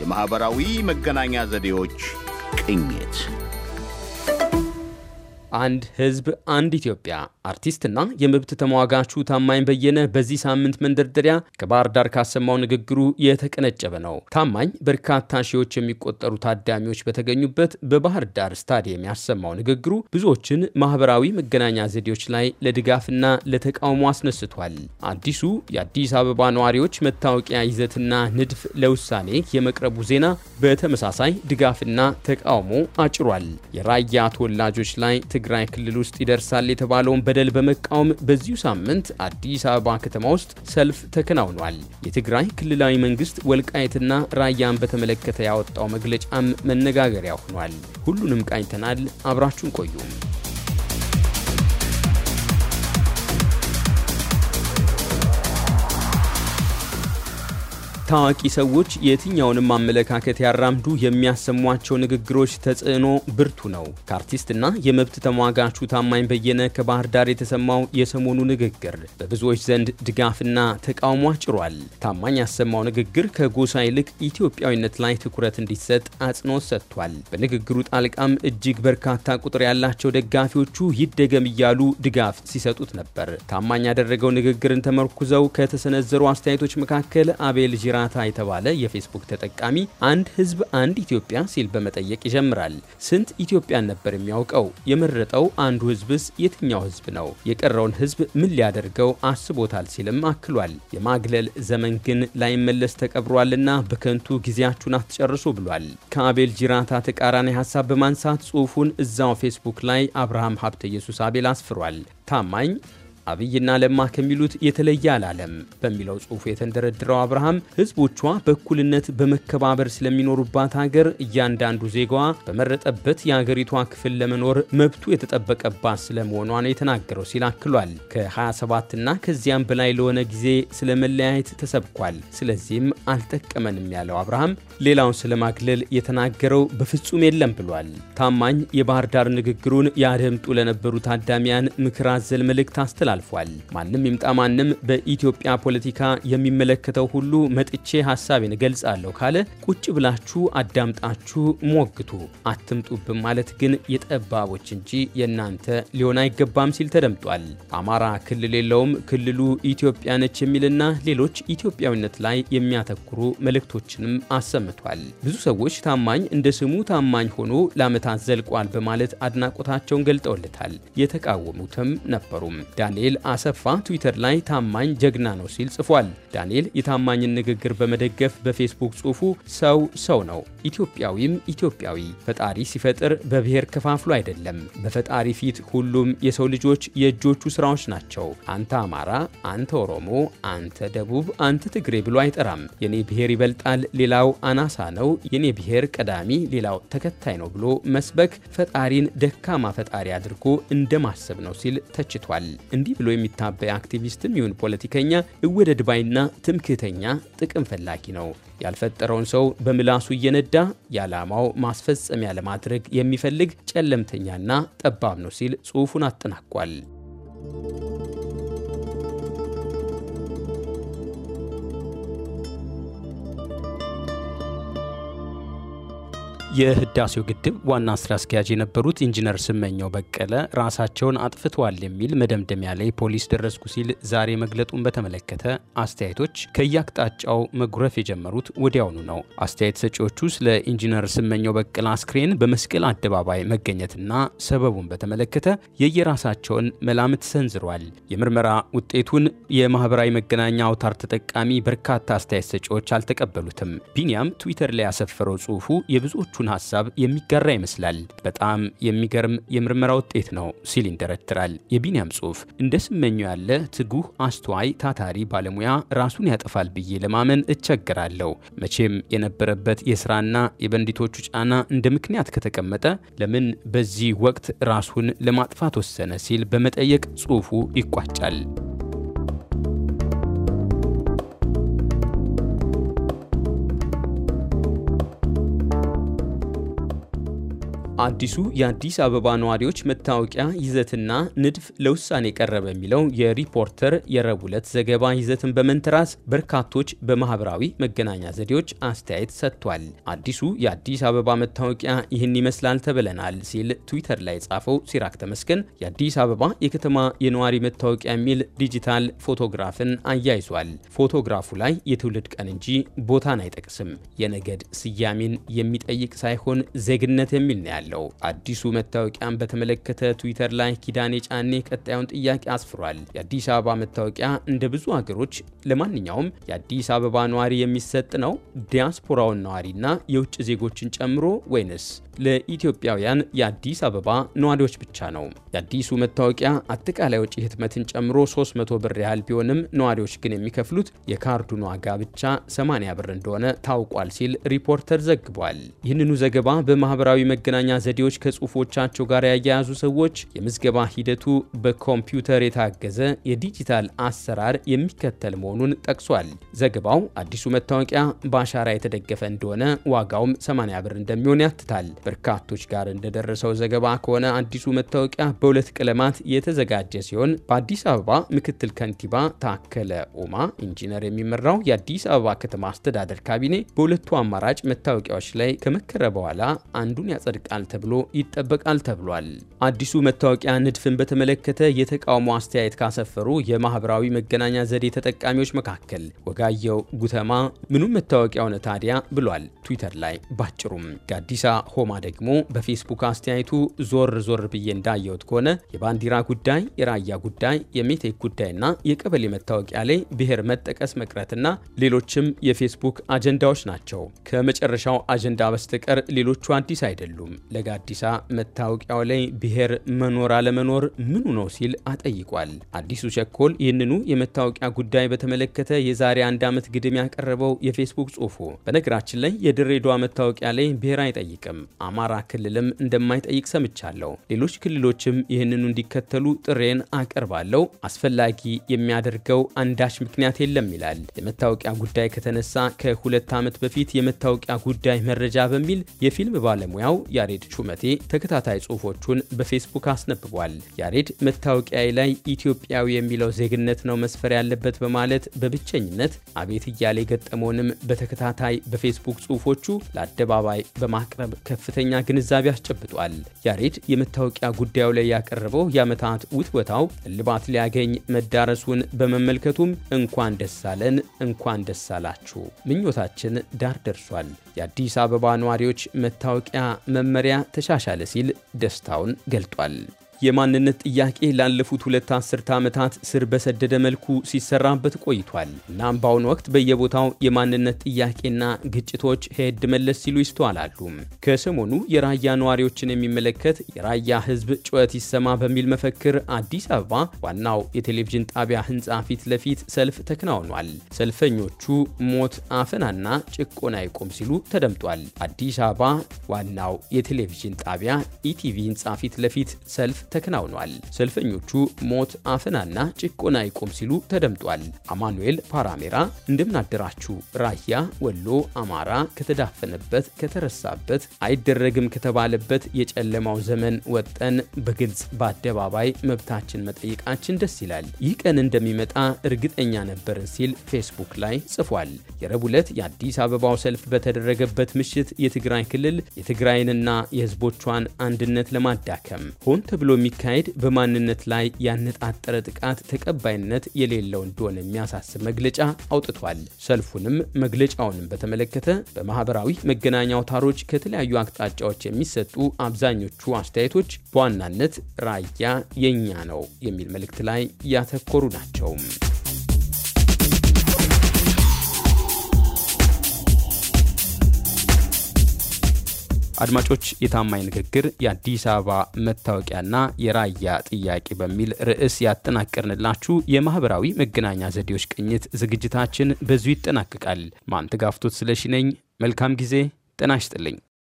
የማኅበራዊ መገናኛ ዘዴዎች ቅኝት። አንድ ሕዝብ፣ አንድ ኢትዮጵያ አርቲስትና የመብት ተሟጋቹ ታማኝ በየነ በዚህ ሳምንት መንደርደሪያ ከባህር ዳር ካሰማው ንግግሩ የተቀነጨበ ነው። ታማኝ በርካታ ሺዎች የሚቆጠሩ ታዳሚዎች በተገኙበት በባህር ዳር ስታዲየም ያሰማው ንግግሩ ብዙዎችን ማህበራዊ መገናኛ ዘዴዎች ላይ ለድጋፍና ለተቃውሞ አስነስቷል። አዲሱ የአዲስ አበባ ነዋሪዎች መታወቂያ ይዘትና ንድፍ ለውሳኔ የመቅረቡ ዜና በተመሳሳይ ድጋፍና ተቃውሞ አጭሯል። የራያ ተወላጆች ላይ ትግራይ ክልል ውስጥ ይደርሳል የተባለውን በደል በመቃወም በዚሁ ሳምንት አዲስ አበባ ከተማ ውስጥ ሰልፍ ተከናውኗል። የትግራይ ክልላዊ መንግስት ወልቃየትና ራያን በተመለከተ ያወጣው መግለጫም መነጋገሪያ ሆኗል። ሁሉንም ቃኝተናል። አብራችሁን ቆዩም ታዋቂ ሰዎች የትኛውንም አመለካከት ያራምዱ፣ የሚያሰሟቸው ንግግሮች ተጽዕኖ ብርቱ ነው። ከአርቲስትና የመብት ተሟጋቹ ታማኝ በየነ ከባህር ዳር የተሰማው የሰሞኑ ንግግር በብዙዎች ዘንድ ድጋፍና ተቃውሞ አጭሯል። ታማኝ ያሰማው ንግግር ከጎሳ ይልቅ ኢትዮጵያዊነት ላይ ትኩረት እንዲሰጥ አጽንኦት ሰጥቷል። በንግግሩ ጣልቃም እጅግ በርካታ ቁጥር ያላቸው ደጋፊዎቹ ይደገም እያሉ ድጋፍ ሲሰጡት ነበር። ታማኝ ያደረገው ንግግርን ተመርኩዘው ከተሰነዘሩ አስተያየቶች መካከል አቤል ጂራ ቢራታ የተባለ የፌስቡክ ተጠቃሚ አንድ ህዝብ አንድ ኢትዮጵያ ሲል በመጠየቅ ይጀምራል። ስንት ኢትዮጵያን ነበር የሚያውቀው? የመረጠው አንዱ ህዝብስ የትኛው ህዝብ ነው? የቀረውን ህዝብ ምን ሊያደርገው አስቦታል? ሲልም አክሏል። የማግለል ዘመን ግን ላይመለስ ተቀብሯልና በከንቱ ጊዜያችሁን አትጨርሱ ብሏል። ከአቤል ጅራታ ተቃራኒ ሀሳብ በማንሳት ጽሑፉን እዛው ፌስቡክ ላይ አብርሃም ሀብተ ኢየሱስ አቤል አስፍሯል። ታማኝ አብይና ለማ ከሚሉት የተለየ አላለም በሚለው ጽሑፍ የተንደረደረው አብርሃም ህዝቦቿ በእኩልነት በመከባበር ስለሚኖሩባት ሀገር እያንዳንዱ ዜጋዋ በመረጠበት የአገሪቷ ክፍል ለመኖር መብቱ የተጠበቀባት ስለመሆኗ ነው የተናገረው ሲል አክሏል። ከ27ና ከዚያም በላይ ለሆነ ጊዜ ስለ መለያየት ተሰብኳል። ስለዚህም አልጠቀመንም ያለው አብርሃም ሌላውን ስለማግለል የተናገረው በፍጹም የለም ብሏል። ታማኝ የባህር ዳር ንግግሩን ያደምጡ ለነበሩ ታዳሚያን ምክር አዘል መልእክት አስተላል አልፏል። ማንም ይምጣ ማንም በኢትዮጵያ ፖለቲካ የሚመለከተው ሁሉ መጥቼ ሀሳቤን እገልጻለሁ ካለ ቁጭ ብላችሁ አዳምጣችሁ ሞግቱ። አትምጡብን ማለት ግን የጠባቦች እንጂ የእናንተ ሊሆን አይገባም ሲል ተደምጧል። አማራ ክልል የለውም ክልሉ ኢትዮጵያ ነች የሚልና ሌሎች ኢትዮጵያዊነት ላይ የሚያተኩሩ መልእክቶችንም አሰምቷል። ብዙ ሰዎች ታማኝ እንደ ስሙ ታማኝ ሆኖ ለዓመታት ዘልቋል በማለት አድናቆታቸውን ገልጠውለታል። የተቃወሙትም ነበሩም። ዳንኤል ዳንኤል አሰፋ ትዊተር ላይ ታማኝ ጀግና ነው ሲል ጽፏል። ዳንኤል የታማኝን ንግግር በመደገፍ በፌስቡክ ጽሑፉ ሰው ሰው ነው፣ ኢትዮጵያዊም ኢትዮጵያዊ፣ ፈጣሪ ሲፈጥር በብሔር ከፋፍሎ አይደለም። በፈጣሪ ፊት ሁሉም የሰው ልጆች የእጆቹ ስራዎች ናቸው። አንተ አማራ፣ አንተ ኦሮሞ፣ አንተ ደቡብ፣ አንተ ትግሬ ብሎ አይጠራም። የኔ ብሔር ይበልጣል፣ ሌላው አናሳ ነው፣ የኔ ብሔር ቀዳሚ፣ ሌላው ተከታይ ነው ብሎ መስበክ ፈጣሪን ደካማ ፈጣሪ አድርጎ እንደማሰብ ነው ሲል ተችቷል። እንዲህ ብሎ የሚታበይ አክቲቪስትም ይሁን ፖለቲከኛ እወደድ ባይና ትምክህተኛ ጥቅም ፈላጊ ነው። ያልፈጠረውን ሰው በምላሱ እየነዳ የዓላማው ማስፈጸሚያ ለማድረግ የሚፈልግ ጨለምተኛና ጠባብ ነው ሲል ጽሑፉን አጠናቋል። የህዳሴው ግድብ ዋና ስራ አስኪያጅ የነበሩት ኢንጂነር ስመኘው በቀለ ራሳቸውን አጥፍተዋል የሚል መደምደሚያ ላይ ፖሊስ ደረስኩ ሲል ዛሬ መግለጡን በተመለከተ አስተያየቶች ከየአቅጣጫው መጉረፍ የጀመሩት ወዲያውኑ ነው። አስተያየት ሰጪዎቹ ስለ ኢንጂነር ስመኘው በቀለ አስክሬን በመስቀል አደባባይ መገኘትና ሰበቡን በተመለከተ የየራሳቸውን መላምት ሰንዝሯል የምርመራ ውጤቱን የማህበራዊ መገናኛ አውታር ተጠቃሚ በርካታ አስተያየት ሰጪዎች አልተቀበሉትም። ቢኒያም ትዊተር ላይ ያሰፈረው ጽሁፉ የብዙዎቹ የጥናቱን ሀሳብ የሚጋራ ይመስላል። በጣም የሚገርም የምርመራ ውጤት ነው ሲል ይንደረድራል የቢንያም ጽሁፍ። እንደ ስመኙ ያለ ትጉህ፣ አስተዋይ፣ ታታሪ ባለሙያ ራሱን ያጠፋል ብዬ ለማመን እቸግራለሁ። መቼም የነበረበት የስራና የበንዲቶቹ ጫና እንደ ምክንያት ከተቀመጠ ለምን በዚህ ወቅት ራሱን ለማጥፋት ወሰነ ሲል በመጠየቅ ጽሁፉ ይቋጫል። አዲሱ የአዲስ አበባ ነዋሪዎች መታወቂያ ይዘትና ንድፍ ለውሳኔ ቀረበ የሚለው የሪፖርተር የረቡዕ ዕለት ዘገባ ይዘትን በመንተራስ በርካቶች በማህበራዊ መገናኛ ዘዴዎች አስተያየት ሰጥቷል። አዲሱ የአዲስ አበባ መታወቂያ ይህን ይመስላል ተብለናል ሲል ትዊተር ላይ የጻፈው ሲራክ ተመስገን የአዲስ አበባ የከተማ የነዋሪ መታወቂያ የሚል ዲጂታል ፎቶግራፍን አያይዟል። ፎቶግራፉ ላይ የትውልድ ቀን እንጂ ቦታን አይጠቅስም። የነገድ ስያሜን የሚጠይቅ ሳይሆን ዜግነት የሚል ነው ያለ አለው። አዲሱ መታወቂያን በተመለከተ ትዊተር ላይ ኪዳኔ ጫኔ ቀጣዩን ጥያቄ አስፍሯል። የአዲስ አበባ መታወቂያ እንደ ብዙ ሀገሮች ለማንኛውም የአዲስ አበባ ነዋሪ የሚሰጥ ነው፣ ዲያስፖራውን ነዋሪና የውጭ ዜጎችን ጨምሮ ወይንስ ለኢትዮጵያውያን የአዲስ አበባ ነዋሪዎች ብቻ ነው? የአዲሱ መታወቂያ አጠቃላይ ወጪ ህትመትን ጨምሮ 300 ብር ያህል ቢሆንም ነዋሪዎች ግን የሚከፍሉት የካርዱን ዋጋ ብቻ 80 ብር እንደሆነ ታውቋል ሲል ሪፖርተር ዘግቧል። ይህንኑ ዘገባ በማህበራዊ መገናኛ ዘዴዎች ከጽሁፎቻቸው ጋር ያያያዙ ሰዎች የምዝገባ ሂደቱ በኮምፒውተር የታገዘ የዲጂታል አሰራር የሚከተል መሆኑን ጠቅሷል። ዘገባው አዲሱ መታወቂያ በአሻራ የተደገፈ እንደሆነ ዋጋውም 80 ብር እንደሚሆን ያትታል። በርካቶች ጋር እንደደረሰው ዘገባ ከሆነ አዲሱ መታወቂያ በሁለት ቀለማት የተዘጋጀ ሲሆን በአዲስ አበባ ምክትል ከንቲባ ታከለ ኡማ ኢንጂነር የሚመራው የአዲስ አበባ ከተማ አስተዳደር ካቢኔ በሁለቱ አማራጭ መታወቂያዎች ላይ ከመከረ በኋላ አንዱን ያጸድቃል ተብሎ ይጠበቃል ተብሏል። አዲሱ መታወቂያ ንድፍን በተመለከተ የተቃውሞ አስተያየት ካሰፈሩ የማህበራዊ መገናኛ ዘዴ ተጠቃሚዎች መካከል ወጋየው ጉተማ ምኑም መታወቂያ ሆነ ታዲያ ብሏል ትዊተር ላይ ባጭሩም። ጋዲሳ ሆማ ደግሞ በፌስቡክ አስተያየቱ ዞር ዞር ብዬ እንዳየሁት ከሆነ የባንዲራ ጉዳይ፣ የራያ ጉዳይ፣ የሜቴክ ጉዳይና የቀበሌ መታወቂያ ላይ ብሔር መጠቀስ መቅረትና ሌሎችም የፌስቡክ አጀንዳዎች ናቸው። ከመጨረሻው አጀንዳ በስተቀር ሌሎቹ አዲስ አይደሉም። ለጋዲሳ መታወቂያው ላይ ብሔር መኖር አለመኖር ምኑ ነው ሲል አጠይቋል። አዲሱ ቸኮል ይህንኑ የመታወቂያ ጉዳይ በተመለከተ የዛሬ አንድ ዓመት ግድም ያቀረበው የፌስቡክ ጽሑፉ በነገራችን ላይ የድሬዳዋ መታወቂያ ላይ ብሔር አይጠይቅም፣ አማራ ክልልም እንደማይጠይቅ ሰምቻለሁ። ሌሎች ክልሎችም ይህንኑ እንዲከተሉ ጥሬን አቀርባለሁ። አስፈላጊ የሚያደርገው አንዳች ምክንያት የለም ይላል። የመታወቂያ ጉዳይ ከተነሳ ከሁለት ዓመት በፊት የመታወቂያ ጉዳይ መረጃ በሚል የፊልም ባለሙያው ያሬድ ሹመቴ ተከታታይ ጽሁፎቹን በፌስቡክ አስነብቧል። ያሬድ መታወቂያዬ ላይ ኢትዮጵያዊ የሚለው ዜግነት ነው መስፈር ያለበት በማለት በብቸኝነት አቤት እያለ የገጠመውንም በተከታታይ በፌስቡክ ጽሁፎቹ ለአደባባይ በማቅረብ ከፍተኛ ግንዛቤ አስጨብጧል። ያሬድ የመታወቂያ ጉዳዩ ላይ ያቀረበው የዓመታት ውትወታው እልባት ሊያገኝ መዳረሱን በመመልከቱም እንኳን ደሳለን እንኳን ደሳላችሁ ምኞታችን ዳር ደርሷል። የአዲስ አበባ ነዋሪዎች መታወቂያ መመሪያ ተሻሻለ ሲል ደስታውን ገልጧል። የማንነት ጥያቄ ላለፉት ሁለት አስርተ ዓመታት ስር በሰደደ መልኩ ሲሰራበት ቆይቷል። እናም በአሁኑ ወቅት በየቦታው የማንነት ጥያቄና ግጭቶች ሄድ መለስ ሲሉ ይስተዋላሉ። ከሰሞኑ የራያ ነዋሪዎችን የሚመለከት የራያ ሕዝብ ጩኸት ይሰማ በሚል መፈክር አዲስ አበባ ዋናው የቴሌቪዥን ጣቢያ ሕንፃ ፊት ለፊት ሰልፍ ተከናውኗል። ሰልፈኞቹ ሞት፣ አፈናና ጭቆና ይቁም ሲሉ ተደምጧል። አዲስ አበባ ዋናው የቴሌቪዥን ጣቢያ ኢቲቪ ሕንፃ ፊት ለፊት ሰልፍ ተከናውኗል። ሰልፈኞቹ ሞት፣ አፈናና ጭቆና ይቆም ሲሉ ተደምጧል። አማኑኤል ፓራሜራ እንደምናደራችሁ ራያ ወሎ አማራ ከተዳፈነበት ከተረሳበት አይደረግም ከተባለበት የጨለማው ዘመን ወጠን በግልጽ በአደባባይ መብታችን መጠየቃችን ደስ ይላል። ይህ ቀን እንደሚመጣ እርግጠኛ ነበርን ሲል ፌስቡክ ላይ ጽፏል። የረቡዕ ዕለት የአዲስ አበባው ሰልፍ በተደረገበት ምሽት የትግራይ ክልል የትግራይንና የህዝቦቿን አንድነት ለማዳከም ሆን ተብሎ የሚካሄድ በማንነት ላይ ያነጣጠረ ጥቃት ተቀባይነት የሌለው እንደሆነ የሚያሳስብ መግለጫ አውጥቷል። ሰልፉንም መግለጫውንም በተመለከተ በማህበራዊ መገናኛ አውታሮች ከተለያዩ አቅጣጫዎች የሚሰጡ አብዛኞቹ አስተያየቶች በዋናነት ራያ የኛ ነው የሚል መልእክት ላይ ያተኮሩ ናቸው። አድማጮች የታማኝ ንግግር የአዲስ አበባ መታወቂያና የራያ ጥያቄ በሚል ርዕስ ያጠናቀርንላችሁ የማህበራዊ መገናኛ ዘዴዎች ቅኝት ዝግጅታችን በዚሁ ይጠናቀቃል። ማንተጋፍቶት ስለሺ ነኝ። መልካም ጊዜ። ጤና ይስጥልኝ።